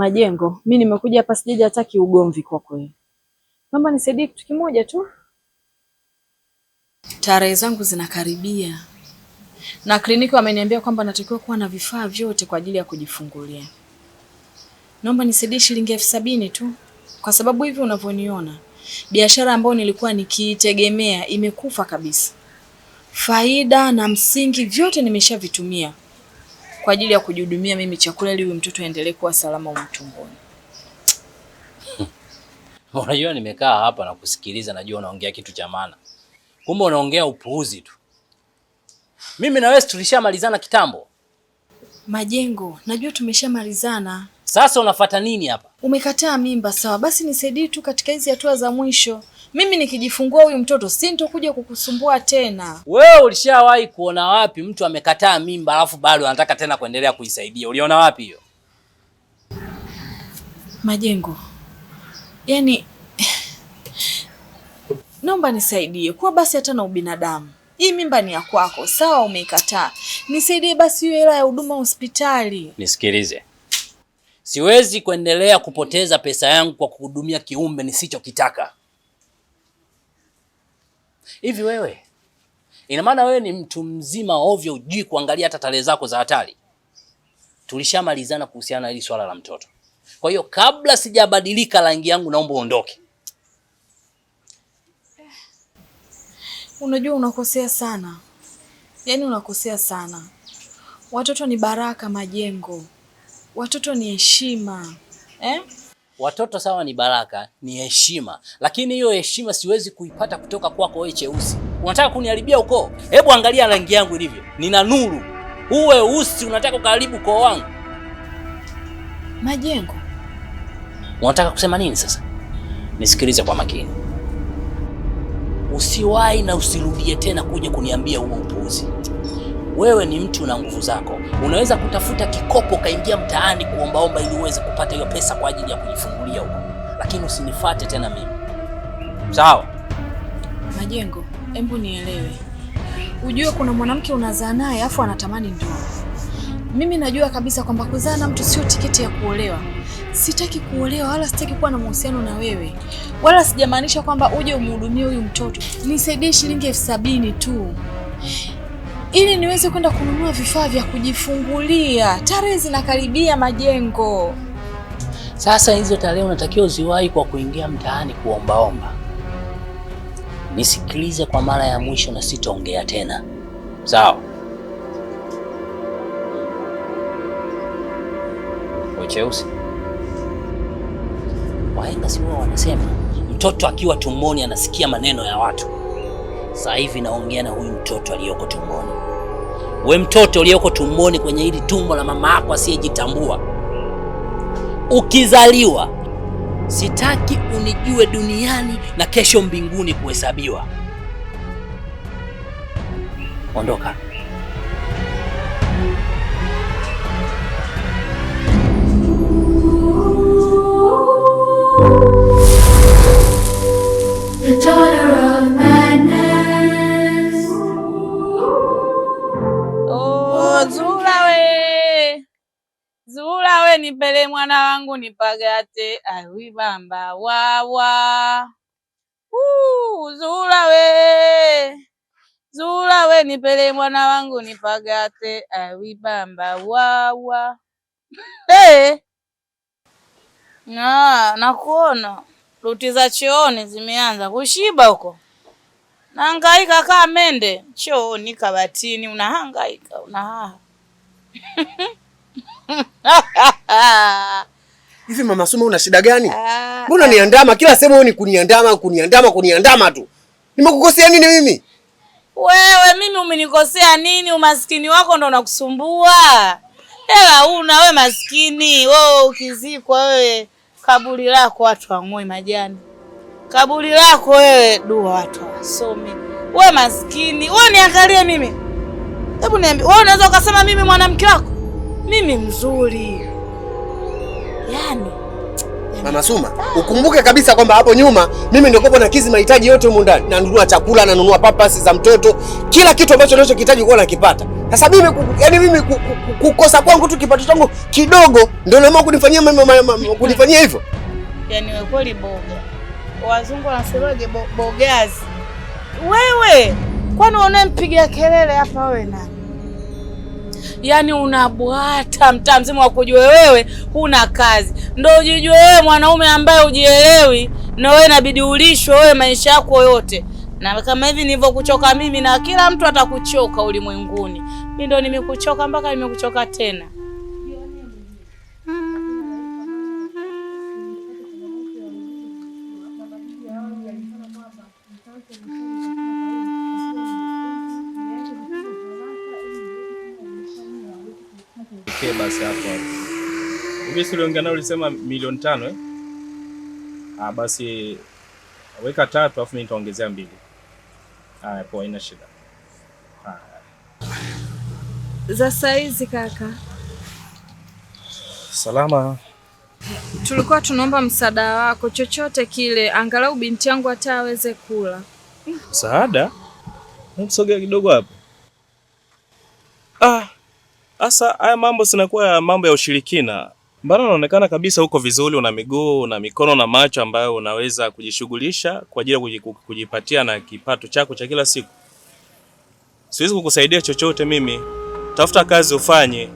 Majengo, mi nimekuja hapa sijaja hata kiugomvi kwa kweli. Naomba nisaidie kitu kimoja tu. Tarehe zangu zinakaribia na kliniki wameniambia kwamba natakiwa kuwa na vifaa vyote kwa ajili ya kujifungulia. Naomba nisaidie shilingi elfu sabini tu, kwa sababu hivi unavyoniona biashara ambayo nilikuwa nikiitegemea imekufa kabisa. Faida na msingi vyote nimeshavitumia kwa ajili ya kujihudumia mimi chakula ili huyu mtoto aendelee kuwa salama umtumboni. Unajua, nimekaa hapa na kusikiliza, najua unaongea kitu cha maana, kumbe unaongea upuuzi tu. Mimi na wewe tulishamalizana kitambo. Majengo, najua tumeshamalizana. Sasa unafuata nini hapa? Umekataa mimba, sawa basi nisaidie tu katika hizi hatua za mwisho. Mimi nikijifungua huyu mtoto sintokuja kukusumbua tena. Wewe ulishawahi kuona wapi mtu amekataa mimba alafu bado anataka tena kuendelea kuisaidia? Uliona wapi hiyo? Majengo, yaani naomba nisaidie kuwa basi hata na ubinadamu. Hii mimba ni ya kwako, sawa, umeikataa. Nisaidie basi hiyo hela ya huduma hospitali. Nisikilize, siwezi kuendelea kupoteza pesa yangu kwa kuhudumia kiumbe nisichokitaka. Hivi wewe, ina maana wewe ni mtu mzima ovyo, ujui kuangalia hata tarehe zako za hatari? Tulishamalizana kuhusiana na hili swala la mtoto. Kwa hiyo kabla sijabadilika rangi yangu, naomba uondoke. Unajua unakosea sana, yaani unakosea sana. Watoto ni baraka, majengo. Watoto ni heshima eh? watoto sawa, ni baraka, ni heshima, lakini hiyo heshima siwezi kuipata kutoka kwako wewe cheusi. Unataka kuniharibia ukoo? Hebu angalia rangi yangu ilivyo, nina nuru. Uwe usi unataka kuharibu ukoo wangu? Majengo, unataka kusema nini sasa? Nisikilize kwa makini, usiwahi na usirudie tena kuja kuniambia huo upuuzi. Wewe ni mtu na nguvu zako, unaweza kutafuta kikopo ukaingia mtaani kuombaomba ili uweze kupata hiyo pesa kwa ajili ya kujifungulia huko, lakini usinifate tena mimi, sawa? Majengo, hebu nielewe, ujue kuna mwanamke unazaa naye afu anatamani ndoa. Mimi najua kabisa kwamba kuzaa na mtu sio tiketi ya kuolewa. Sitaki kuolewa wala sitaki kuwa na mahusiano na wewe, wala sijamaanisha kwamba uje umhudumie huyu mtoto. Nisaidie shilingi elfu sabini tu ili niweze kwenda kununua vifaa vya kujifungulia. Tarehe zinakaribia majengo. Sasa hizo tarehe unatakiwa uziwahi kwa kuingia mtaani kuombaomba. Nisikilize kwa mara ya mwisho na sitaongea tena, sawa? Cheusi, wahenga si wao wanasema mtoto akiwa tumboni anasikia maneno ya watu. Sasa hivi naongea na huyu mtoto aliyoko tumboni. We mtoto uliyoko tumboni kwenye hili tumbo la mama yako asiyejitambua, ukizaliwa sitaki unijue duniani na kesho mbinguni kuhesabiwa. Ondoka. nipele mwana wangu nipagate, awibamba wawa uh, zula we zula we nipele mwana wangu nipagate, awibamba wawa hey. Na nakuona ruti za chooni zimeanza kushiba huko, nahangaika kaa mende chooni kabatini, unahangaika unahaha Hivi mama Suma, una shida gani? Mbona niandama kila sehemu? Wewe ni kuniandama kuniandama kuniandama tu. Nimekukosea nini mimi? Wewe mimi umenikosea nini? Umaskini wako ndo unakusumbua. Hela una we maskini. Wewe ukizikwa wewe kaburi lako watu wang'oe majani. Kaburi lako wewe dua watu wasome. Wewe maskini. Wewe niangalie mimi. Hebu niambie, wewe unaweza ukasema mimi mwanamke wako? mimi mzuri yani. Yaani. Mama Suma, ukumbuke kabisa kwamba hapo nyuma mimi ndio na kizi mahitaji yote humu ndani, nanunua chakula, nanunua papasi za mtoto, kila kitu ambacho nachokihitaji kuwa nakipata. Sasa mimi yani mimi kukosa kwangu tu kipato changu kidogo ndio naamua kunifanyia kunifanyia hivyo. Yani wewe kweli boga, wazungu wanasemaje? Bogazi wewe, kwani unaempigia kelele hapa wewe na yani unabwata mtaa mzima wa kujue wewe huna kazi, ndo ujijue wewe mwanaume ambaye ujielewi, na wewe inabidi ulishwe wewe maisha yako yote, na kama hivi nilivyokuchoka mimi, na kila mtu atakuchoka ulimwenguni. Mimi ndo nimekuchoka mpaka nimekuchoka tena. basi hapo hapo. Uliongea nao ulisema milioni tano eh? Ah, basi weka tatu afu mimi nitaongezea mbili. Ah, poa, ina shida Ah. za saizi kaka. Salama. Tulikuwa tunaomba msaada wako chochote kile, angalau binti yangu hata aweze kula. Msaada? Msogea kidogo hapo. Ah, sasa haya mambo sinakuwa ya mambo ya ushirikina. Mbona unaonekana kabisa uko vizuri, una miguu na mikono na macho ambayo unaweza kujishughulisha kwa ajili ya kujipatia na kipato chako cha kila siku. Siwezi kukusaidia chochote mimi. Tafuta kazi ufanye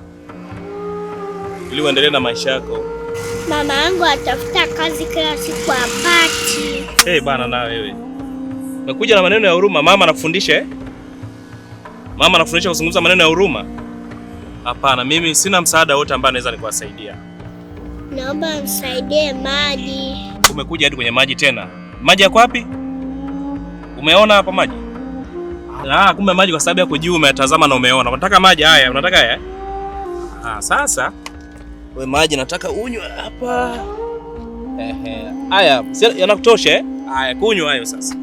ili uendelee na maisha yako. Mama yangu atafuta kazi kila siku apati. Hey, bana na wewe. Nakuja na maneno ya huruma. Mama anafundisha eh? Mama anafundisha kuzungumza maneno ya huruma. Hapana, mimi sina msaada wote ambao naweza nikuwasaidia. Naomba msaidie maji. Umekuja hadi kwenye maji tena? Maji yako wapi? Umeona hapa maji? Ah, kumbe maji kwa sababu yako juu umetazama na umeona. Unataka maji haya? Unataka haya? Ah, sasa we maji nataka unywe hapa. Ehe. Haya, yanakutosha eh? Haya, kunywa hayo sasa.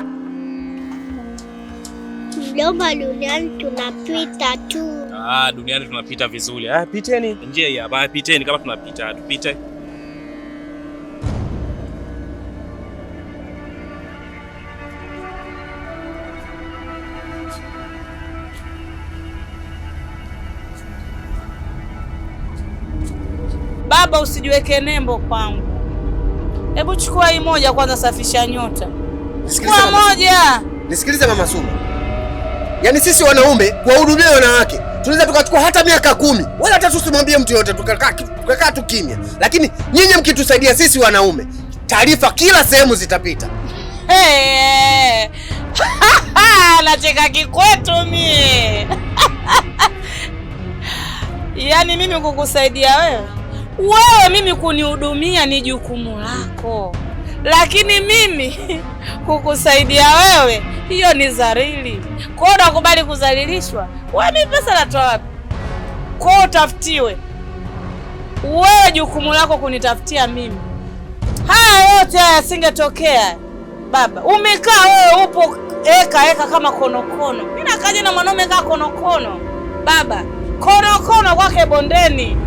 Mjomba, duniani tunapita tu. Ah, duniani tunapita vizuri. Ah, piteni njia hii hapa. Ah, piteni kama tunapita, tupite. Baba, usijiweke nembo kwangu. Hebu chukua hii moja kwanza, safisha nyota. Chukua moja. Nisikilize Mama Suma, yaani sisi wanaume kuwahudumia wanawake tunaweza tukachukua hata miaka kumi wala hata tusimwambie mtu yoyote, tukakaa tu kimya, lakini nyinyi mkitusaidia sisi wanaume, taarifa kila sehemu zitapita. nacheka kikwetu mie yaani mimi kukusaidia wewe, wewe mimi kunihudumia ni jukumu lako lakini mimi kukusaidia wewe, hiyo ni zarili Kwa hiyo nakubali kuzalilishwa. Wewe mimi pesa natoa wapi? Kwa hiyo utafutiwe wewe, jukumu lako kunitafutia mimi. Haya yote haya yasingetokea baba. Umekaa wewe, upo eka eka kama konokono. Mimi nakaja na mwanaume kaa konokono baba, konokono kwake bondeni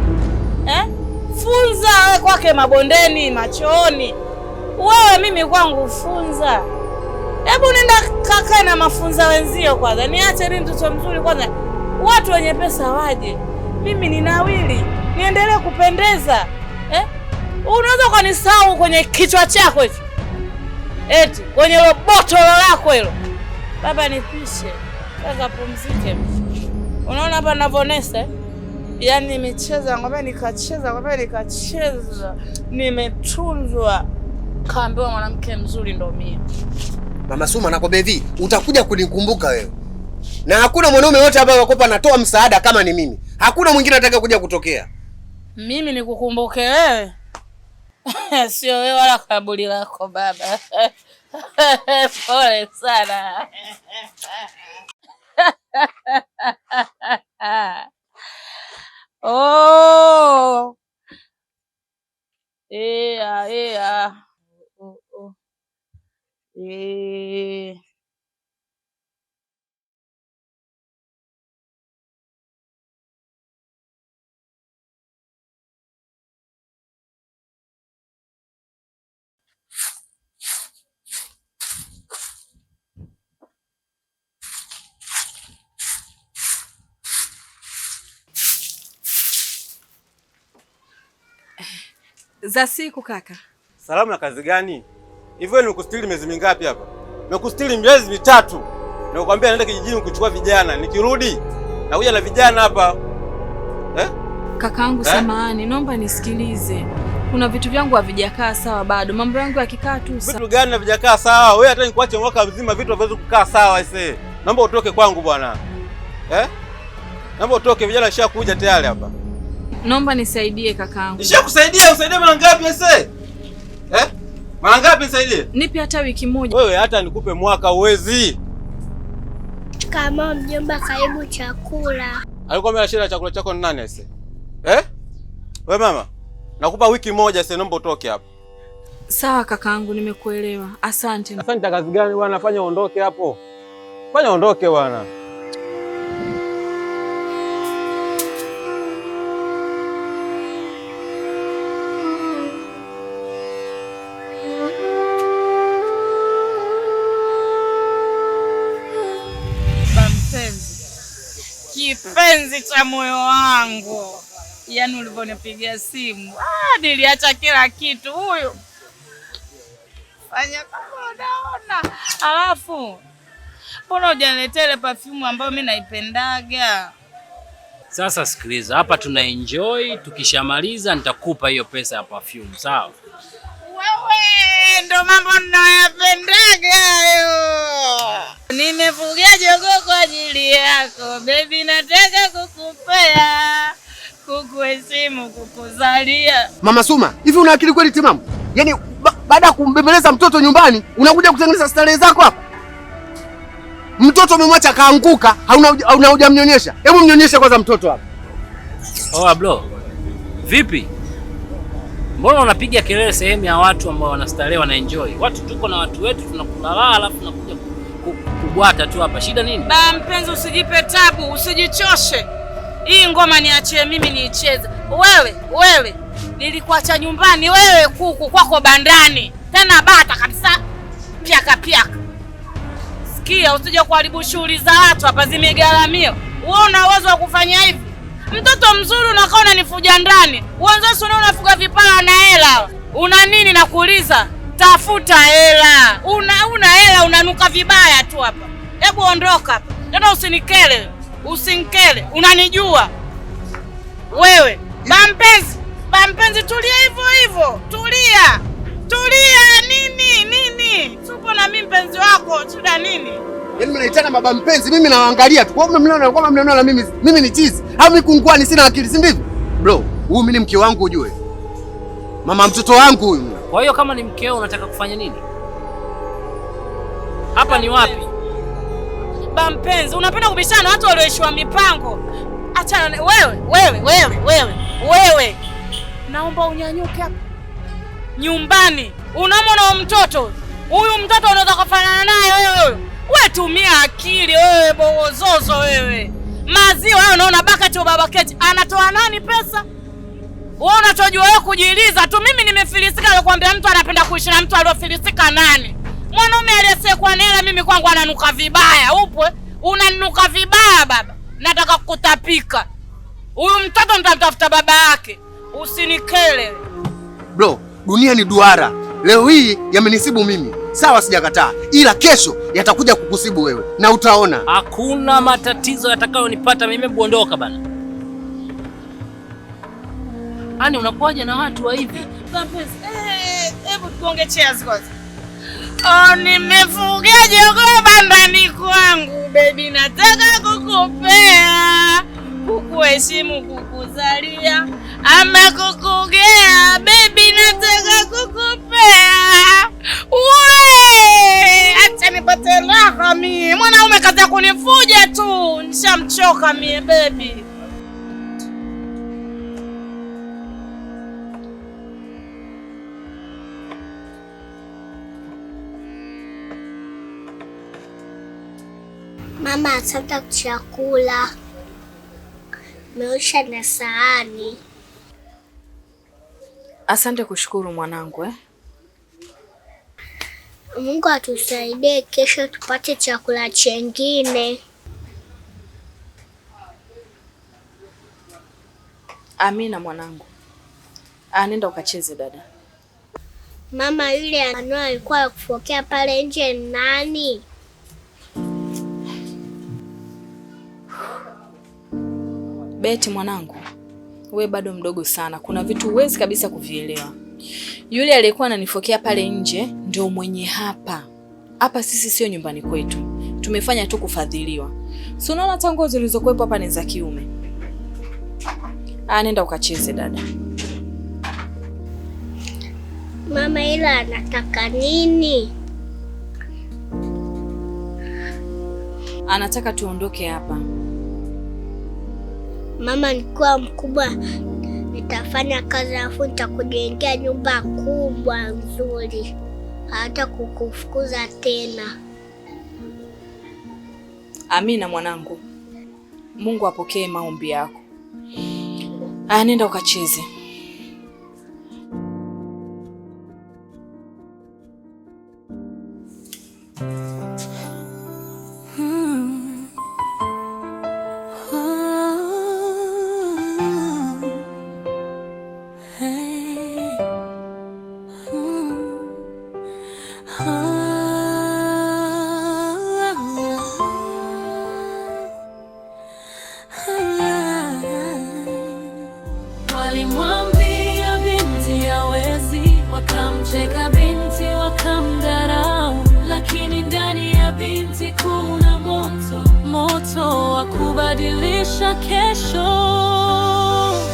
eh? Funza wewe kwake mabondeni, machooni wewe mimi kwangu funza, hebu nenda kakae na mafunza wenzio kwanza, niache ni mtoto mzuri kwanza, watu wenye pesa waje, mimi ninawili niendelee kupendeza eh? Unaweza ukanisahau kwenye kichwa chako hicho, eti kwenye hilo botolo lako hilo. Baba nipishe kwanza, pumzike. Unaona hapa navyonesa eh? yaani, nimecheza ngombe nikacheza ngombe nikacheza, nimetunzwa Kaambiwa mwanamke mzuri ndo mimi. Mama Suma, nakwambia hivi, utakuja kunikumbuka wewe, na hakuna mwanaume yote ambaye wakopa anatoa msaada kama ni mimi. Hakuna mwingine atakaye kuja kutokea. Mimi nikukumbuke wewe? Sio wewe wala kaburi lako baba. Pole sana. Oh. Yeah, yeah. Eh. za siku kaka. Salamu na kazi gani? Hivyo nimekustiri miezi mingapi hapa? Nimekustiri miezi mitatu. Nimekwambia naenda kijijini kuchukua vijana, nikirudi nakuja na vijana hapa eh? Kakaangu eh? Samahani, naomba nisikilize. Kuna vitu vyangu havijakaa sawa bado, mambo yangu yakikaa tu sawa. Vitu gani havijakaa sawa? Wewe hata nikuache mwaka mzima vitu haviwezi kukaa sawa. Ise, naomba utoke kwangu bwana eh? Naomba utoke, vijana ishakuja tayari hapa. Naomba nisaidie kakaangu. Nishakusaidia, usaidie mara ngapi ise eh? Mara ngapi nisaidie? Nipe hata wiki moja. Wewe hata nikupe mwaka uwezi. Kama mjomba, karibu chakula. Alikuwa ameashira chakula chako ni nani sasa? Eh? Wewe mama, nakupa wiki moja sasa naomba utoke hapo. Sawa kakaangu, nimekuelewa. Asante. Asante kazi gani bwana, fanya uondoke hapo. Fanya uondoke bwana. kipenzi cha moyo wangu, yaani ulivyonipigia simu ah, niliacha kila kitu huyu fanya kama unaona. Alafu mbona hujaniletea ile perfume ambayo mimi naipendaga? Sasa sikiliza hapa, tuna enjoy, tukishamaliza nitakupa hiyo pesa ya perfume, sawa? Wewe ndo mambo ninayapendaga hayo. Nimefuga jogoo kwa ajili yako bebi, nataka kukupea kukuheshimu, kukuzalia. Mama Suma, hivi una akili kweli timamu? Yaani baada ya kumbembeleza mtoto nyumbani unakuja kutengeneza starehe zako hapa. Mtoto umemwacha kaanguka, hauna hujamnyonyesha. Hebu mnyonyeshe kwanza mtoto hapa. Oh, bro. Vipi? Mbona unapiga kelele sehemu ya watu ambao wanastarehe wana enjoy? Watu tuko na watu wetu tunakula lala, alafu tunakuja kubwata tu hapa. Shida nini? Ba mpenzi, usijipe tabu, usijichoshe. Hii ngoma niachie mimi niicheze. Wewe wewe, nilikuacha nyumbani, wewe kuku kwako bandani, tena bata kabisa, pyaka pyaka. Sikia, usije kuharibu shughuli za watu hapa, zimegharamia. Wewe una uwezo wa kufanya hivi? Mtoto mzuri unakaa unanifuja ndani, uanzasi una unafuga vipara na hela, una nini? Nakuuliza, tafuta hela. Una una hela, unanuka vibaya tu hapa. Hebu ondoka hapa tena, usinikele, usinikele. Unanijua wewe, bampenzi, bampenzi, tulia hivyo hivyo, tulia. Yaani mnaitana baba mpenzi, mimi nawaangalia tu. Kwa mimi naona kama mnaona na mimi mimi ni chizi au mimi kungwani sina akili, si ndivyo? Bro, huyu mimi ni mke wangu ujue. Mama mtoto wangu huyu. Kwa hiyo kama ni mkeo unataka kufanya nini? Hapa ni wapi? Baba mpenzi, unapenda kubishana watu walioishiwa mipango. Achana wewe, wewe, wewe, wewe, wewe. Naomba unyanyuke hapa. Nyumbani. Unamwona mtoto. Huyu mtoto unaweza kufanana naye wewe. We tumia akili wewe, bozozo wewe. Maziwa wewe, unaona Bakati wa keti anatoa nani pesa? Wewe unachojua wewe kujiuliza tu. Mimi nimefilisika kuambia mtu anapenda kuishi na mtu aliofilisika nani? Mwanaume aliyesekuwa na mimi kwangu ananuka vibaya. Upwe eh? unanuka vibaya baba, nataka kukutapika. Huyu mtoto nitamtafuta baba yake, usinikele bro. Dunia ni duara, leo hii yamenisibu mimi sawa, sijakataa, ila kesho yatakuja kukusibu wewe na utaona. Hakuna matatizo yatakayonipata mimi. Bondoka bana. Ani, unakuwaje na watu wa hivi? Eh, eh, hebu tuonge cheers kwanza. Oh, nimefuga jogoo bandani kwangu, baby, nataka kukupea kukuheshimu, kukuzalia ama kukugea. Bebi, nataka kukupea. We nipate raha mie, mwanaume kaza kunifuja tu, nishamchoka mie bebi. Mama, asante kwa chakula meosha na sahani. Asante kushukuru mwanangu eh? Mungu atusaidie kesho tupate chakula chengine. Amina mwanangu. Anenda ah, ukacheze dada. Mama yule anao alikuwa kufokea pale nje nani? Beti mwanangu, we bado mdogo sana, kuna vitu huwezi kabisa kuvielewa. Yule aliyekuwa ananifokea pale nje ndio mwenye hapa hapa. Sisi sio nyumbani kwetu, tumefanya tu kufadhiliwa. Si unaona tango zilizokuwepo hapa ni za kiume. Ah, nenda ukacheze dada. Mama, ila anataka nini? Anataka tuondoke hapa mama, nikuwa mkubwa nitafanya kazi alafu nitakujengea nyumba kubwa nzuri, hata kukufukuza tena. Amina mwanangu, Mungu apokee maombi yako. Aya, nenda ukacheze. kubadilisha kesho.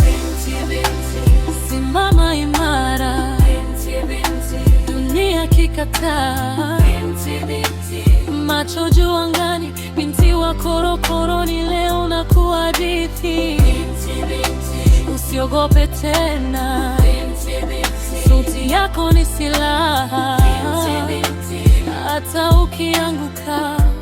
Binti, binti. Simama imara binti, binti. Dunia kikataa binti, binti. Macho juu angani, binti wa korokoroni, leo na kuhadithi binti, binti. Usiogope tena binti, binti. Sauti yako ni silaha binti, binti. Hata ukianguka